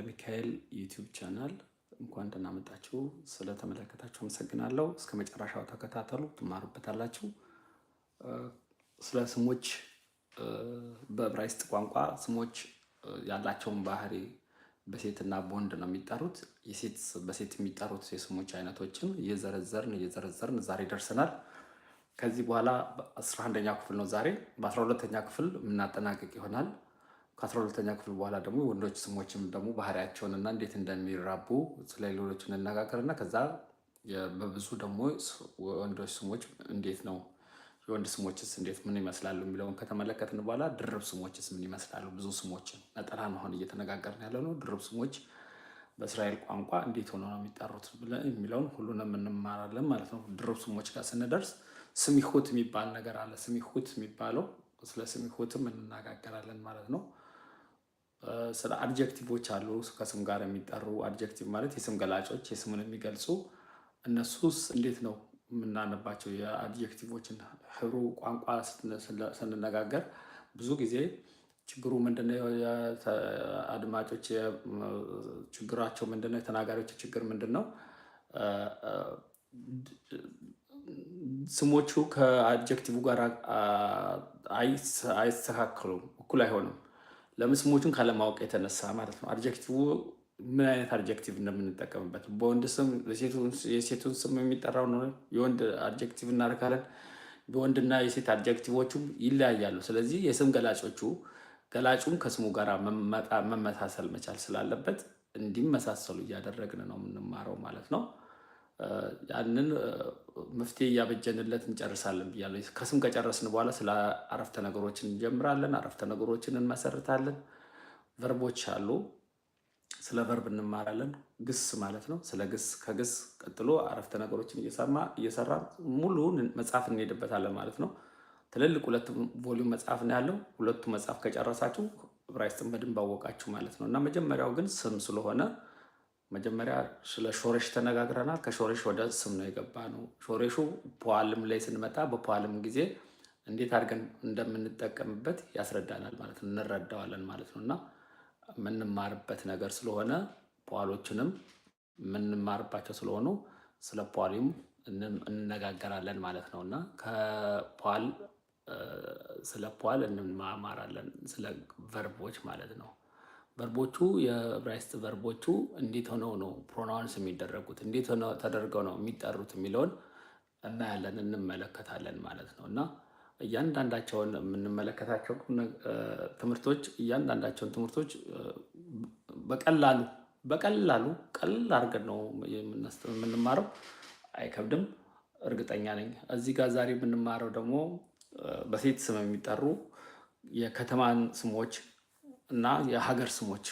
ወልደ ሚካኤል ዩቲዩብ ቻናል እንኳን ደህና መጣችሁ። ስለተመለከታችሁ አመሰግናለሁ። እስከ መጨረሻው ተከታተሉ፣ ትማሩበታላችሁ። ስለ ስሞች በዕብራይስጥ ቋንቋ ስሞች ያላቸውን ባህሪ በሴትና በወንድ ነው የሚጠሩት። በሴት የሚጠሩት የስሞች አይነቶችን እየዘረዘርን እየዘረዘርን ዛሬ ደርሰናል። ከዚህ በኋላ አስራ አንደኛ ክፍል ነው ዛሬ። በአስራ ሁለተኛ ክፍል የምናጠናቀቅ ይሆናል። ከአስራ ሁለተኛ ክፍል በኋላ ደግሞ ወንዶች ስሞችም ደግሞ ባህሪያቸውንና እንዴት እንደሚራቡ ስለ ሌሎች እና ከዛ በብዙ ደግሞ ወንዶች ስሞች እንዴት ነው የወንድ ስሞችስ እንዴት ምን ይመስላሉ የሚለውን ከተመለከትን በኋላ ድርብ ስሞችስ ምን ይመስላሉ? ብዙ ስሞችን ነጠላ መሆን እየተነጋገርን ያለ ነው። ድርብ ስሞች በእስራኤል ቋንቋ እንዴት ሆነ ነው የሚጠሩት የሚለውን ሁሉንም እንማራለን ማለት ነው። ድርብ ስሞች ጋር ስንደርስ ስሚሁት የሚባል ነገር አለ። ስሚሁት የሚባለው ስለ ስሚሁትም እንነጋገራለን ማለት ነው። ስለ አድጀክቲቮች አሉ። ከስም ጋር የሚጠሩ አድጀክቲቭ ማለት የስም ገላጮች የስሙን የሚገልጹ እነሱስ እንዴት ነው የምናነባቸው? የአድጀክቲቮችን ህብሩ ቋንቋ ስንነጋገር ብዙ ጊዜ ችግሩ ምንድነው? አድማጮች ችግራቸው ምንድነው? የተናጋሪዎች ችግር ምንድን ነው? ስሞቹ ከአድጀክቲቭ ጋር አይስተካከሉም፣ እኩል አይሆንም። ለምስሞቹን ካለማወቅ የተነሳ ማለት ነው። አድጀክቲቭ ምን አይነት አድጀክቲቭ እንደምንጠቀምበት በወንድ ስም የሴቱን ስም የሚጠራው ነው። የወንድ አድጀክቲቭ እናደርጋለን። የወንድና የሴት አድጀክቲቮቹም ይለያያሉ። ስለዚህ የስም ገላጮቹ ገላጩም ከስሙ ጋር መመሳሰል መቻል ስላለበት እንዲመሳሰሉ እያደረግን ነው የምንማረው ማለት ነው። ያንን መፍትሄ እያበጀንለት እንጨርሳለን ብያለሁ። ከስም ከጨረስን በኋላ ስለ አረፍተ ነገሮችን እንጀምራለን። አረፍተ ነገሮችን እንመሰርታለን። ቨርቦች አሉ። ስለ ቨርብ እንማራለን፣ ግስ ማለት ነው። ስለ ግስ ከግስ ቀጥሎ አረፍተ ነገሮችን እየሰማ እየሰራ ሙሉውን መጽሐፍ እንሄድበታለን ማለት ነው። ትልልቅ ሁለት ቮሊዩም መጽሐፍ ነው ያለው። ሁለቱ መጽሐፍ ከጨረሳችሁ ዕብራይስጥን በደንብ አወቃችሁ ማለት ነው። እና መጀመሪያው ግን ስም ስለሆነ መጀመሪያ ስለ ሾሬሽ ተነጋግረናል። ከሾሬሽ ወደ ስም ነው የገባ ነው። ሾሬሹ ፖዋልም ላይ ስንመጣ በፖዋልም ጊዜ እንዴት አድርገን እንደምንጠቀምበት ያስረዳናል ማለት ነው፣ እንረዳዋለን ማለት ነው። እና የምንማርበት ነገር ስለሆነ ፖዋሎችንም የምንማርባቸው ስለሆኑ ስለ ፖዋሊም እንነጋገራለን ማለት ነው። እና ከፖዋል ስለ ፖዋል እንማማራለን ስለ ቨርቦች ማለት ነው። ቨርቦቹ የዕብራይስጥ ቨርቦቹ እንዴት ሆነው ነው ፕሮናውንስ የሚደረጉት፣ እንዴት ተደርገው ነው የሚጠሩት የሚለውን እናያለን እንመለከታለን ማለት ነው እና እያንዳንዳቸውን የምንመለከታቸው ትምህርቶች እያንዳንዳቸውን ትምህርቶች በቀላሉ በቀላሉ ቀላል አድርገን ነው የምንማረው። አይከብድም፣ እርግጠኛ ነኝ። እዚህ ጋር ዛሬ የምንማረው ደግሞ በሴት ስም የሚጠሩ የከተማን ስሞች እና የሀገር ስሞች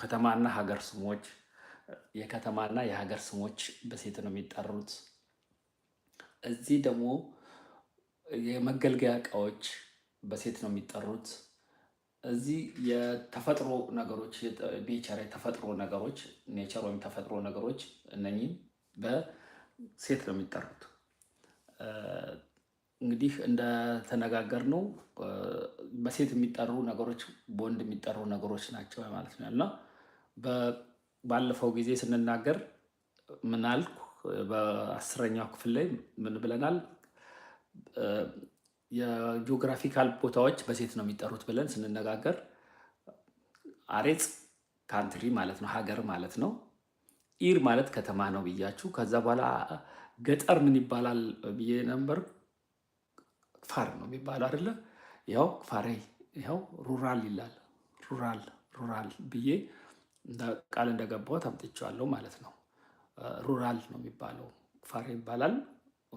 ከተማና ሀገር ስሞች የከተማና የሀገር ስሞች በሴት ነው የሚጠሩት። እዚህ ደግሞ የመገልገያ እቃዎች በሴት ነው የሚጠሩት። እዚህ የተፈጥሮ ነገሮች ኔቸር የተፈጥሮ ነገሮች ኔቸር ወይም ተፈጥሮ ነገሮች እነኚህም በሴት ነው የሚጠሩት። እንግዲህ እንደተነጋገር ነው በሴት የሚጠሩ ነገሮች በወንድ የሚጠሩ ነገሮች ናቸው ማለት ነው እና ባለፈው ጊዜ ስንናገር ምናልኩ በአስረኛው ክፍል ላይ ምን ብለናል? የጂኦግራፊካል ቦታዎች በሴት ነው የሚጠሩት ብለን ስንነጋገር አሬጽ ካንትሪ ማለት ነው ሀገር ማለት ነው። ኢር ማለት ከተማ ነው ብያችሁ። ከዛ በኋላ ገጠር ምን ይባላል ብዬ ነበር። ክፋር ነው የሚባለው አይደለ? ያው ክፋሬ ያው ሩራል ይላል። ሩራል ሩራል ብዬ ቃል እንደገባሁት አምጥቼዋለሁ ማለት ነው። ሩራል ነው የሚባለው። ክፋሬ ይባላል።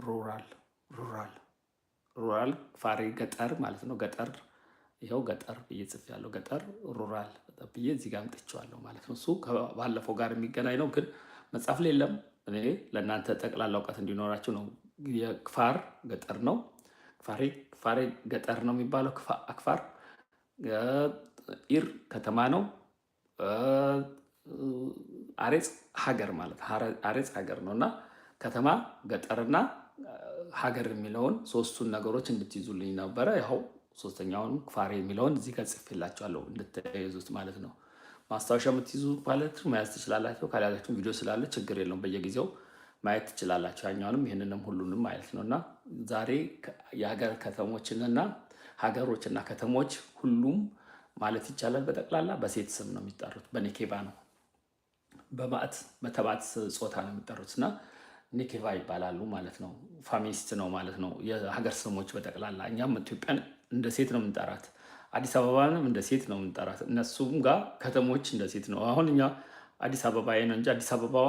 ሩራል ሩራል ሩራል ክፋሬ ገጠር ማለት ነው። ገጠር ይኸው ገጠር ብዬ ጽፌያለሁ። ገጠር ሩራል ብዬ እዚህ ጋር አምጥቼዋለሁ ማለት ነው። እሱ ባለፈው ጋር የሚገናኝ ነው፣ ግን መጽሐፍ ላይ የለም። እኔ ለእናንተ ጠቅላላ እውቀት እንዲኖራችሁ ነው። የክፋር ገጠር ነው። ክፋሪ ክፋሬ ገጠር ነው የሚባለው። አክፋር ኢር ከተማ ነው። አሬጽ ሀገር ማለት አሬጽ ሀገር ነው እና ከተማ ገጠርና ሀገር የሚለውን ሶስቱን ነገሮች እንድትይዙልኝ ነበረ። ያው ሶስተኛውን ክፋሬ የሚለውን እዚህ ጋር ጽፌላቸዋለሁ ማለት ነው። ማስታወሻ የምትይዙ ማለት መያዝ ትችላላቸው። ካልያዛችሁም ቪዲዮ ስላለ ችግር የለውም በየጊዜው ማየት ትችላላችሁ። ያኛውንም ይህንንም ሁሉንም ማለት ነው እና ዛሬ የሀገር ከተሞችንና ሀገሮችና ከተሞች ሁሉም ማለት ይቻላል በጠቅላላ በሴት ስም ነው የሚጠሩት። በኒኬባ ነው በማት በተባት ጾታ ነው የሚጠሩት እና ኒኬባ ይባላሉ ማለት ነው። ፋሚኒስት ነው ማለት ነው። የሀገር ስሞች በጠቅላላ እኛም ኢትዮጵያን እንደ ሴት ነው የምንጠራት። አዲስ አበባንም እንደ ሴት ነው የምንጠራት። እነሱም ጋር ከተሞች እንደ ሴት ነው አሁን እኛ አዲስ አበባ ነው እንጂ አዲስ አበባዋ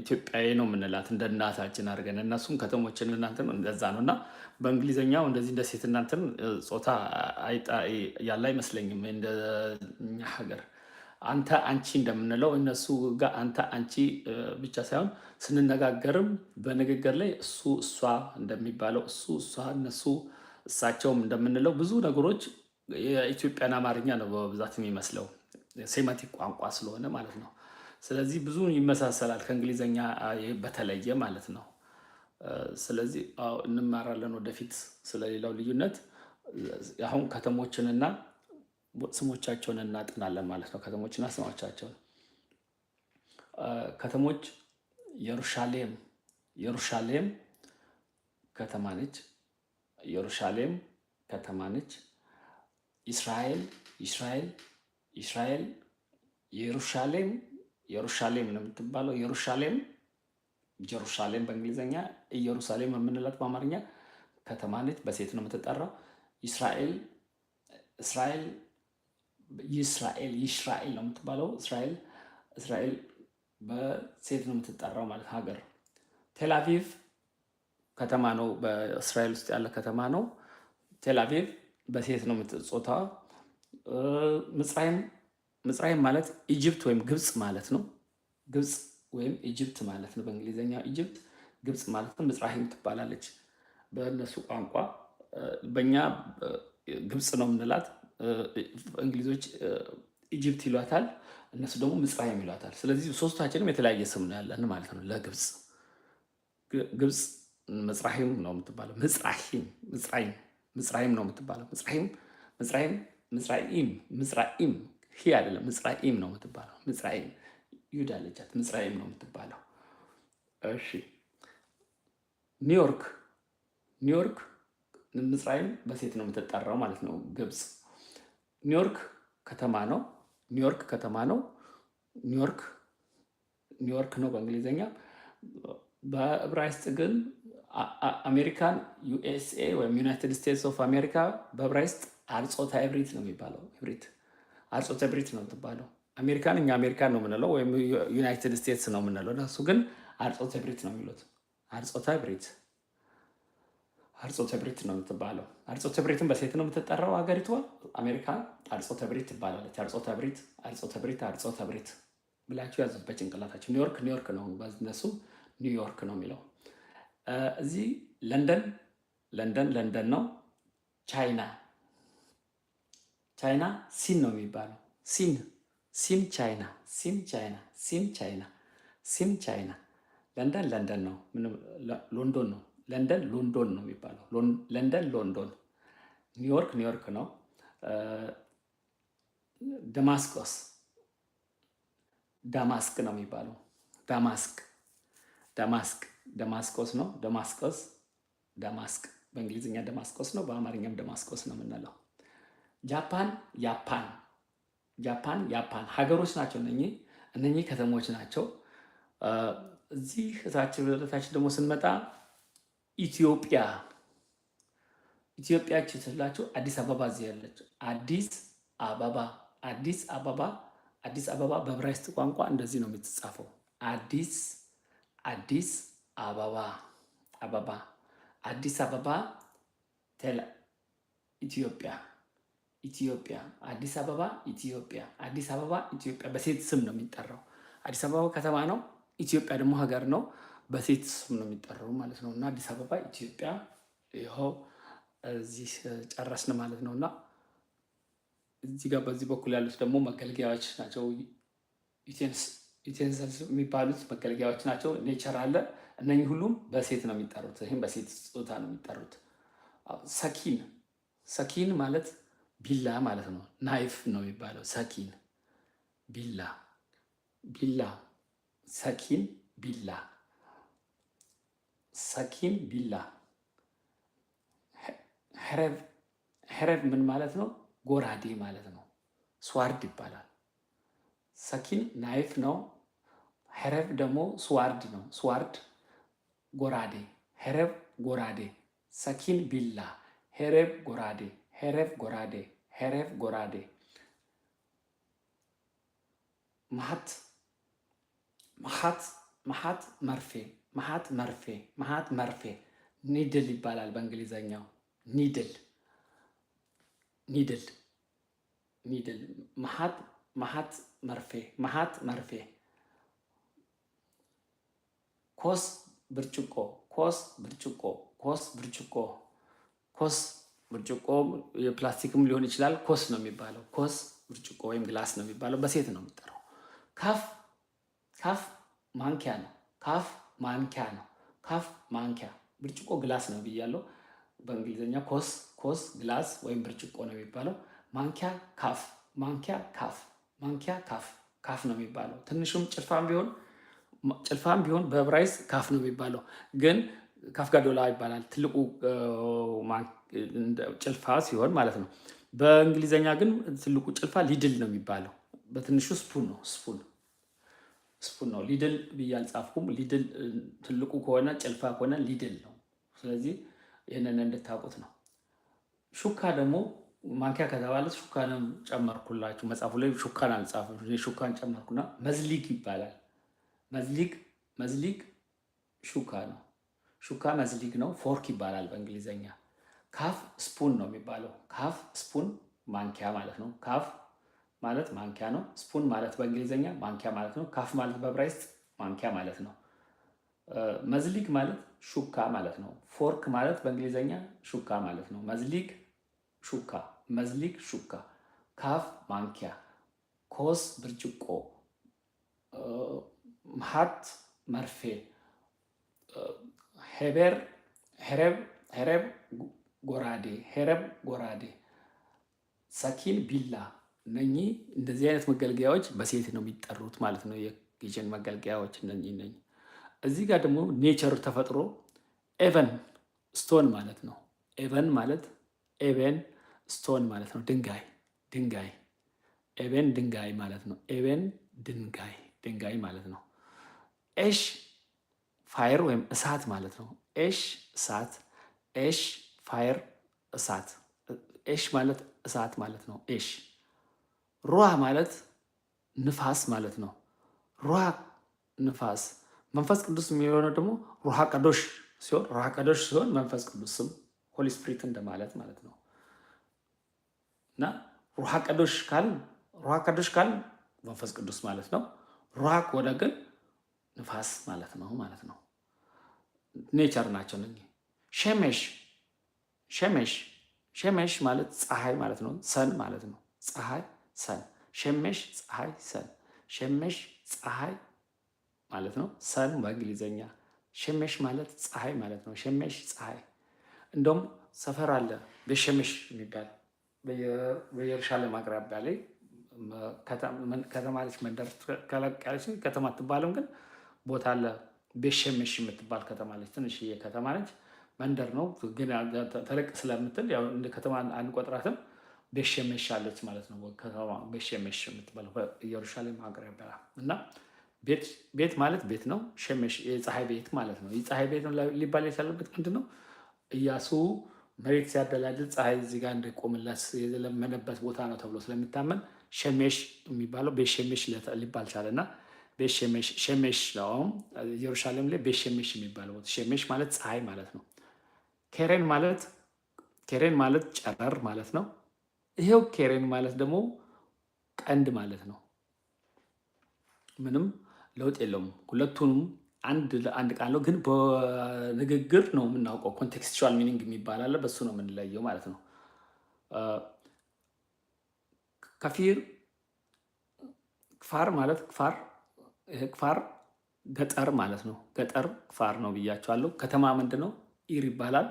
ኢትዮጵያዊ ነው የምንላት እንደ እናታችን አድርገን እነሱም ከተሞችን እናንተ እንደዛ ነው እና በእንግሊዝኛው እንደዚህ እንደ ሴት እናንተም ጾታ ያለ አይመስለኝም። እንደኛ ሀገር አንተ አንቺ እንደምንለው እነሱ ጋር አንተ አንቺ ብቻ ሳይሆን ስንነጋገርም በንግግር ላይ እሱ እሷ እንደሚባለው እሱ እሷ እነሱ እሳቸውም እንደምንለው ብዙ ነገሮች የኢትዮጵያን አማርኛ ነው በብዛት የሚመስለው። ሴማቲክ ቋንቋ ስለሆነ ማለት ነው። ስለዚህ ብዙ ይመሳሰላል ከእንግሊዘኛ በተለየ ማለት ነው። ስለዚህ እንማራለን ወደፊት ስለሌላው ልዩነት። አሁን ከተሞችንና ስሞቻቸውን እናጥናለን ማለት ነው። ከተሞችና ስሞቻቸውን ከተሞች የሩሻሌም የሩሻሌም ከተማ ነች። የሩሻሌም ከተማ ነች። ኢስራኤል እስራኤል ኢስራኤል ኢየሩሻሌም ኢየሩሻሌም ነው የምትባለው። ኢየሩሻሌም ጀሩሳሌም በእንግሊዝኛ ኢየሩሳሌም የምንላት በአማርኛ ከተማ ነች። በሴት ነው የምትጠራው። ኢስራኤል እስራኤል ይስራኤል ይስራኤል ነው የምትባለው። እስራኤል እስራኤል በሴት ነው የምትጠራው ማለት ሀገር። ቴላቪቭ ከተማ ነው፣ በእስራኤል ውስጥ ያለ ከተማ ነው። ቴላቪቭ በሴት ነው የምትጾታው። ምጽራይም ምጽራይም ማለት ኢጅፕት ወይም ግብፅ ማለት ነው። ግብፅ ወይም ኢጅፕት ማለት ነው። በእንግሊዝኛ ኢጅፕት ግብፅ ማለት ነው። ምጽራይም ትባላለች በእነሱ ቋንቋ። በእኛ ግብፅ ነው የምንላት። እንግሊዞች ኢጅፕት ይሏታል፣ እነሱ ደግሞ ምጽራይም ይሏታል። ስለዚህ ሶስታችንም የተለያየ ስም ነው ያለን ማለት ነው ለግብፅ ግብፅ መጽራሂም ነው የምትባለው። መጽራሂም መጽራሂም ነው የምትባለው። መጽራሂም መጽራሂም ምጽራኢም ምጽራኢም ይህ አይደለም፣ ምጽራኢም ነው የምትባለው። ምጽራኢም ይሁዳ ልጃት ምጽራኢም ነው የምትባለው። እሺ ኒውዮርክ ኒውዮርክ ምጽራኢም በሴት ነው የምትጠራው ማለት ነው። ግብፅ ኒውዮርክ ከተማ ነው። ኒውዮርክ ከተማ ነው። ኒውዮርክ ኒውዮርክ ነው በእንግሊዝኛ። በዕብራይስጥ ግን አሜሪካን ዩኤስኤ ወይም ዩናይትድ ስቴትስ ኦፍ አሜሪካ በዕብራይስጥ አርጾታ ኤብሪት ነው የሚባለው። ኤብሪት አርጾታ ኤብሪት ነው የምትባለው። አሜሪካን እኛ አሜሪካን ነው የምንለው ወይም ዩናይትድ ስቴትስ ነው የምንለው። እነሱ ግን አርጾታ ኤብሪት ነው የሚሉት። አርጾታ ኤብሪት አርጾታ ኤብሪት ነው የምትባለው። አርጾተ ብሪትን በሴት ነው የምትጠራው ሀገሪቷ አሜሪካ። አርጾታ ኤብሪት ትባላለች። አርጾታ ኤብሪት፣ አርጾታ ኤብሪት፣ አርጾታ ኤብሪት ብላችሁ ያዙት በጭንቅላታችሁ። ኒውዮርክ ኒውዮርክ ነው እነሱ ኒውዮርክ ነው የሚለው። እዚህ ለንደን ለንደን ለንደን ነው። ቻይና ቻይና ሲን ነው የሚባለው። ሲን ሲም ቻይና ሲም ቻይና ሲም ቻይና ሲም ቻይና። ለንደን ለንደን ነው፣ ሎንዶን ነው። ለንደን ሎንዶን ነው የሚባለው። ለንደን ሎንዶን። ኒውዮርክ ኒውዮርክ ነው። ደማስቆስ ዳማስክ ነው የሚባለው። ዳማስክ ዳማስክ ደማስቆስ ነው። ደማስቆስ ዳማስክ በእንግሊዝኛ ደማስቆስ ነው፣ በአማርኛም ደማስቆስ ነው የምንለው። ጃፓን ያፓን ጃፓን ያፓን ሀገሮች ናቸው። እነኚህ እነኚህ ከተሞች ናቸው። እዚህ እታችን ደግሞ ስንመጣ ኢትዮጵያ ኢትዮጵያች ስላቸው አዲስ አበባ እዚህ ያለች አዲስ አበባ አዲስ አበባ አዲስ አበባ በዕብራይስጥ ቋንቋ እንደዚህ ነው የምትጻፈው። አዲስ አዲስ አበባ አበባ አዲስ አበባ ኢትዮጵያ ኢትዮጵያ አዲስ አበባ ኢትዮጵያ አዲስ አበባ ኢትዮጵያ በሴት ስም ነው የሚጠራው። አዲስ አበባ ከተማ ነው፣ ኢትዮጵያ ደግሞ ሀገር ነው። በሴት ስም ነው የሚጠራው ማለት ነው። እና አዲስ አበባ ኢትዮጵያ ይኸው እዚህ ጨረስን ማለት ነው። እና እዚህ ጋር በዚህ በኩል ያሉት ደግሞ መገልገያዎች ናቸው። ዩቴንሰልስ የሚባሉት መገልገያዎች ናቸው። ኔቸር አለ። እነኚህ ሁሉም በሴት ነው የሚጠሩት። ይህም በሴት ፆታ ነው የሚጠሩት። ሰኪን ሰኪን ማለት ቢላ ማለት ነው። ናይፍ ነው የሚባለው። ሰኪን ቢላ ቢላ ሰኪን ቢላ ሰኪን ቢላ ሄረብ ምን ማለት ነው? ጎራዴ ማለት ነው። ስዋርድ ይባላል። ሰኪን ናይፍ ነው። ሄረብ ደግሞ ስዋርድ ነው። ስዋርድ ጎራዴ፣ ሄረብ ጎራዴ፣ ሰኪን ቢላ፣ ሄረብ ጎራዴ ሄሬፍ ጎራዴ ሄረፍ ጎራዴ መሀት መሀት መሀት መርፌ መሃት መርፌ መሃት መርፌ ኒድል ይባላል በእንግሊዘኛው ኒድል ኒድል ኒድል መሀት መሀት መርፌ መሀት መርፌ ኮስ ብርጭቆ ኮስ ብርጭቆ ኮስ ብርጭቆ ኮስ ብርጭቆ የፕላስቲክም ሊሆን ይችላል። ኮስ ነው የሚባለው። ኮስ ብርጭቆ ወይም ግላስ ነው የሚባለው። በሴት ነው የሚጠራው። ካፍ ካፍ ማንኪያ ነው። ካፍ ማንኪያ ነው። ካፍ ማንኪያ ብርጭቆ ግላስ ነው ብያለው። በእንግሊዝኛ ኮስ ኮስ ግላስ ወይም ብርጭቆ ነው የሚባለው። ማንኪያ ካፍ ማንኪያ ካፍ ማንኪያ ካፍ ካፍ ነው የሚባለው። ትንሹም ጭልፋም ቢሆን ጭልፋም ቢሆን በብራይስ ካፍ ነው የሚባለው፣ ግን ካፍ ጋዶላ ይባላል ትልቁ ጭልፋ ሲሆን ማለት ነው። በእንግሊዘኛ ግን ትልቁ ጭልፋ ሊድል ነው የሚባለው። በትንሹ ስፑን ነው። ስፑን ስፑን ነው። ሊድል ብዬ አልጻፍኩም። ሊድል ትልቁ ከሆነ ጭልፋ ከሆነ ሊድል ነው። ስለዚህ ይህንን እንድታውቁት ነው። ሹካ ደግሞ ማንኪያ ከተባለ ሹካንም ጨመርኩላችሁ። መጽሐፉ ላይ ሹካን አልጻፍም። ሹካን ጨመርኩና መዝሊግ ይባላል። መዝሊግ መዝሊግ ሹካ ነው። ሹካ መዝሊግ ነው። ፎርክ ይባላል በእንግሊዘኛ ካፍ ስፑን ነው የሚባለው። ካፍ ስፑን ማንኪያ ማለት ነው። ካፍ ማለት ማንኪያ ነው። ስፑን ማለት በእንግሊዝኛ ማንኪያ ማለት ነው። ካፍ ማለት በብራይስጥ ማንኪያ ማለት ነው። መዝሊግ ማለት ሹካ ማለት ነው። ፎርክ ማለት በእንግሊዝኛ ሹካ ማለት ነው። መዝሊግ ሹካ፣ መዝሊግ ሹካ። ካፍ ማንኪያ፣ ኮስ ብርጭቆ፣ ሀት መርፌ፣ ሄበር ሄረብ ጎራዴ፣ ሄረብ ጎራዴ፣ ሰኪን ቢላ፣ እነኚህ እንደዚህ አይነት መገልገያዎች በሴት ነው የሚጠሩት ማለት ነው። የኪችን መገልገያዎች እነኚህ እዚህ ጋር ደግሞ ኔቸር ተፈጥሮ ኤቨን ስቶን ማለት ነው። ኤቨን ማለት ኤቨን ስቶን ማለት ነው። ድንጋይ ድንጋይ ኤቨን ድንጋይ ማለት ነው። ኤቨን ድንጋይ ድንጋይ ማለት ነው። ኤሽ ፋይር ወይም እሳት ማለት ነው። ኤሽ እሳት ኤሽ ፋየር እሳት፣ ኤሽ ማለት እሳት ማለት ነው። ኤሽ ሩሃ ማለት ንፋስ ማለት ነው። ሩሃ ንፋስ። መንፈስ ቅዱስ የሚሆነው ደግሞ ሩሃ ቀዶሽ ሲሆን ሩሃ ቀዶሽ ሲሆን መንፈስ ቅዱስም ሆሊ ስፕሪት እንደማለት ማለት ነው እና ሩሃ ቀዶሽ ካል ሩሃ ቀዶሽ ካል መንፈስ ቅዱስ ማለት ነው። ሩሃ ከሆነ ግን ንፋስ ማለት ነው ማለት ነው። ኔቸር ናቸው ሸሜሽ ሸመሽ ሸመሽ ማለት ፀሐይ ማለት ነው። ሰን ማለት ነው። ፀሐይ ሰን። ሸመሽ ፀሐይ ሰን። ሸመሽ ፀሐይ ማለት ነው። ሰን በእንግሊዘኛ ሸመሽ ማለት ፀሐይ ማለት ነው። ሸመሽ ፀሐይ። እንደውም ሰፈር አለ በሸመሽ የሚባል በኢየሩሳሌም አቅራቢያ ላይ ከተማ መንደር ከለቅ ያለች ከተማ አትባልም፣ ግን ቦታ አለ። ቤሸመሽ የምትባል ከተማ አለች፣ ትንሽዬ ከተማ ነች። መንደር ነው፣ ግን ተለቅ ስለምትል እንደ ከተማ አንቆጥራትም። ቤሸሜሽ አለች ማለት ነው። ከተማ ቤሸሜሽ የምትባለው ኢየሩሻሌም አቅራቢያ እና ቤት ማለት ቤት ነው። ሸሜሽ የፀሐይ ቤት ማለት ነው። የፀሐይ ቤት ሊባል የቻለበት ምንድን ነው? እያሱ መሬት ሲያደላድል ፀሐይ እዚህ ጋር እንዲቆምላት የለመነበት ቦታ ነው ተብሎ ስለሚታመን ሸሜሽ የሚባለው ቤሸሜሽ ሊባል ቻለ እና ቤሸሜሽ ሸሜሽ ኢየሩሻሌም ላይ ቤሸሜሽ የሚባለው ሸሜሽ ማለት ፀሐይ ማለት ነው። ኬሬን ማለት ኬሬን ማለት ጨረር ማለት ነው። ይሄው ኬሬን ማለት ደግሞ ቀንድ ማለት ነው። ምንም ለውጥ የለውም። ሁለቱንም አንድ ለአንድ ቃል ነው፣ ግን በንግግር ነው የምናውቀው። ኮንቴክስቹዋል ሚኒንግ የሚባል አለ፣ በሱ ነው የምንለየው ማለት ነው። ከፊር ክፋር ማለት ክፋር ክፋር ገጠር ማለት ነው። ገጠር ክፋር ነው ብያቸዋለሁ። ከተማ ምንድን ነው? ኢር ይባላል።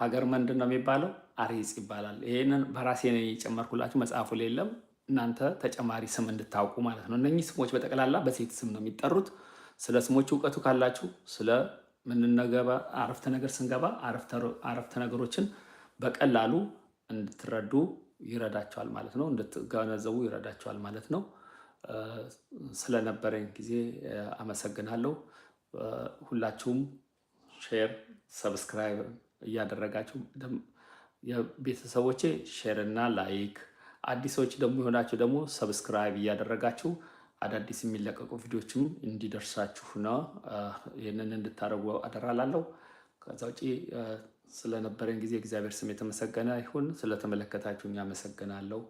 ሀገር ምንድን ነው የሚባለው? አሬጽ ይባላል። ይህንን በራሴ የጨመርኩላችሁ መጽሐፉ ላይ የለም። እናንተ ተጨማሪ ስም እንድታውቁ ማለት ነው። እነኚህ ስሞች በጠቅላላ በሴት ስም ነው የሚጠሩት። ስለ ስሞች እውቀቱ ካላችሁ ስለ ምንነገባ አረፍተ ነገር ስንገባ አረፍተ ነገሮችን በቀላሉ እንድትረዱ ይረዳቸዋል ማለት ነው። እንድትገነዘቡ ይረዳቸዋል ማለት ነው። ስለነበረኝ ጊዜ አመሰግናለሁ ሁላችሁም ሼር፣ ሰብስክራይብ እያደረጋችሁ የቤተሰቦቼ ሼር እና ላይክ፣ አዲሶች ደግሞ የሆናችሁ ደግሞ ሰብስክራይብ እያደረጋችሁ አዳዲስ የሚለቀቁ ቪዲዮችም እንዲደርሳችሁ ነው። ይህንን እንድታደረጉ አደራላለሁ። ከዛ ውጭ ስለነበረን ጊዜ እግዚአብሔር ስም የተመሰገነ ይሁን። ስለተመለከታችሁ አመሰግናለሁ።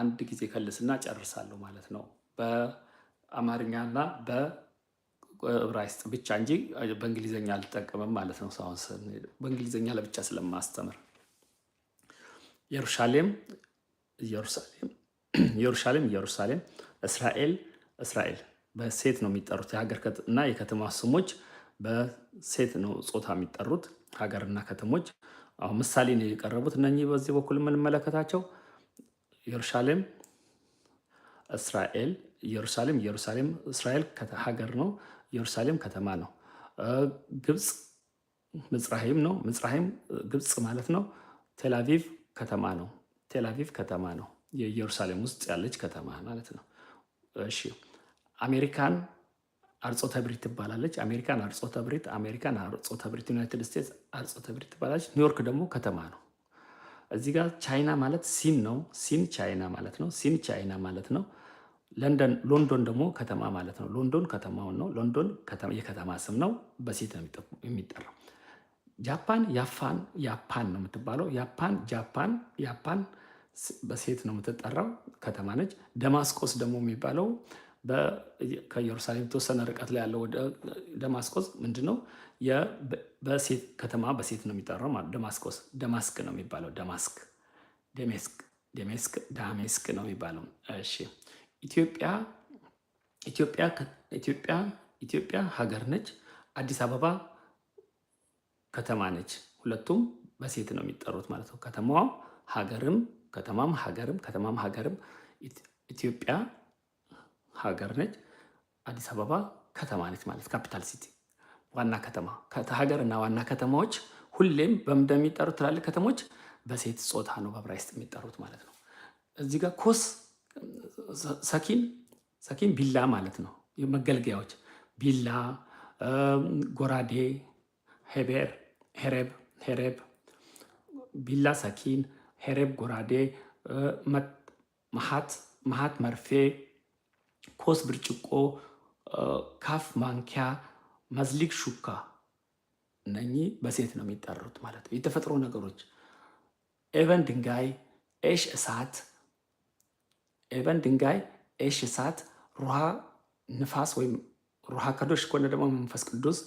አንድ ጊዜ ከልስና ጨርሳለሁ ማለት ነው በአማርኛና በ እብራይስጥ ብቻ እንጂ በእንግሊዝኛ አልጠቀምም ማለት ነው። አሁን በእንግሊዝኛ ለብቻ ስለማስተምር ኢየሩሳሌም ኢየሩሳሌም ኢየሩሳሌም ኢየሩሳሌም እስራኤል እስራኤል በሴት ነው የሚጠሩት። የሀገር እና የከተማ ስሞች በሴት ነው ጾታ የሚጠሩት ሀገርና ከተሞች። አሁን ምሳሌ ነው የቀረቡት እነኚህ በዚህ በኩል የምንመለከታቸው ኢየሩሳሌም እስራኤል ኢየሩሳሌም ኢየሩሳሌም እስራኤል ሀገር ነው። ኢየሩሳሌም ከተማ ነው። ግብፅ ምጽራሂም ነው። ምጽራሂም ግብፅ ማለት ነው። ቴላቪቭ ከተማ ነው። ቴላቪቭ ከተማ ነው። የኢየሩሳሌም ውስጥ ያለች ከተማ ማለት ነው። እሺ አሜሪካን አርጾ ተብሪት ትባላለች። አሜሪካን አርጾ ተብሪት፣ አሜሪካን አርጾ ተብሪት፣ ዩናይትድ ስቴትስ አርጾ ተብሪት ትባላለች። ኒውዮርክ ደግሞ ከተማ ነው። እዚህ ጋር ቻይና ማለት ሲን ነው። ሲን ቻይና ማለት ነው። ሲን ቻይና ማለት ነው። ሎንዶን ደግሞ ከተማ ማለት ነው። ሎንዶን ከተማውን ነው። ሎንዶን የከተማ ስም ነው፣ በሴት ነው የሚጠራው። ጃፓን ያፋን ያፓን ነው የምትባለው። ያፓን ጃፓን ያፓን በሴት ነው የምትጠራው ከተማ ነች። ደማስቆስ ደግሞ የሚባለው ከኢየሩሳሌም የተወሰነ ርቀት ላይ ያለው ደማስቆስ ምንድነው? በሴት ከተማ በሴት ነው የሚጠራው ማለት ደማስቆስ ደማስክ ነው የሚባለው። ደማስክ ደሜስክ ደሜስክ ዳሜስክ ነው የሚባለው። እሺ ኢትዮጵያ ኢትዮጵያ ኢትዮጵያ ሀገር ነች። አዲስ አበባ ከተማ ነች። ሁለቱም በሴት ነው የሚጠሩት ማለት ነው። ከተማዋ ሀገርም ከተማም ሀገርም ከተማም ሀገርም ኢትዮጵያ ሀገር ነች። አዲስ አበባ ከተማ ነች ማለት ካፒታል ሲቲ ዋና ከተማ። ከሀገር እና ዋና ከተማዎች ሁሌም በምንደሚጠሩት ትላልቅ ከተሞች በሴት ጾታ ነው በብራይስጥ የሚጠሩት ማለት ነው። እዚህ ጋር ኮስ ሰኪን ሰኪን ቢላ ማለት ነው። መገልገያዎች ቢላ፣ ጎራዴ፣ ሄቤር፣ ሄሬብ ሄሬብ ቢላ፣ ሰኪን፣ ሄሬብ፣ ጎራዴ፣ መሀት መሀት፣ መርፌ፣ ኮስ፣ ብርጭቆ፣ ካፍ፣ ማንኪያ፣ መዝሊግ፣ ሹካ እነኚህ በሴት ነው የሚጠሩት ማለት ነው። የተፈጥሮ ነገሮች ኤቨን ድንጋይ፣ ኤሽ እሳት ኤበን ድንጋይ፣ ኤሽ እሳት፣ ሩሃ ንፋስ ወይም ሩሃ ከዶሽ ከሆነ ደግሞ መንፈስ ቅዱስ፣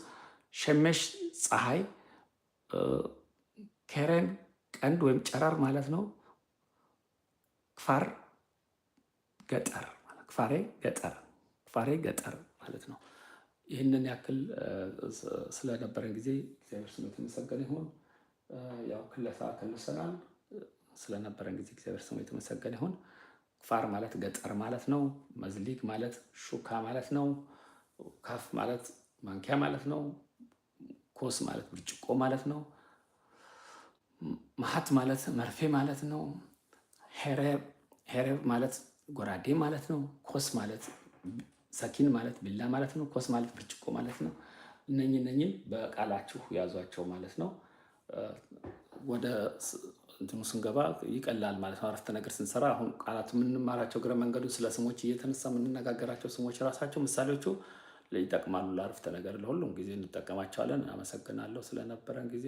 ሸሜሽ ፀሐይ፣ ኬረን፣ ቀንድ ወይም ጨረር ማለት ነው። ክፋር ገጠር፣ ክፋሬ ገጠር፣ ክፋሬ ገጠር ማለት ነው። ይህንን ያክል ስለነበረን ጊዜ እግዚአብሔር ስሙ የተመሰገነ ይሁን። ያው ክለሳ ከልሰናል። ስለነበረን ጊዜ እግዚአብሔር ስሙ የተመሰገነ ይሁን። ኩፋር ማለት ገጠር ማለት ነው። መዝሊግ ማለት ሹካ ማለት ነው። ካፍ ማለት ማንኪያ ማለት ነው። ኮስ ማለት ብርጭቆ ማለት ነው። መሀት ማለት መርፌ ማለት ነው። ሄረብ ማለት ጎራዴ ማለት ነው። ኮስ ማለት ሰኪን ማለት ቢላ ማለት ነው። ኮስ ማለት ብርጭቆ ማለት ነው። እነኝን እነኝን በቃላችሁ ያዟቸው ማለት ነው ወደ እንትኑ ስንገባ ይቀላል ማለት ነው። አረፍተ ነገር ስንሰራ አሁን ቃላት የምንማራቸው ግረ መንገዱ ስለ ስሞች እየተነሳ የምንነጋገራቸው ስሞች ራሳቸው ምሳሌዎቹ ይጠቅማሉ ለአረፍተ ነገር። ለሁሉም ጊዜ እንጠቀማቸዋለን። አመሰግናለሁ ስለነበረን ጊዜ።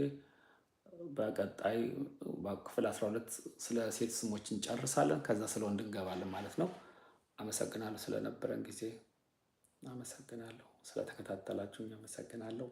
በቀጣይ አስራ ሁለት ስለ ሴት ስሞች እንጨርሳለን። ከዛ ስለ ወንድ እንገባለን ማለት ነው። አመሰግናለሁ ስለነበረን ጊዜ። አመሰግናለሁ ስለተከታተላችሁ። አመሰግናለሁ።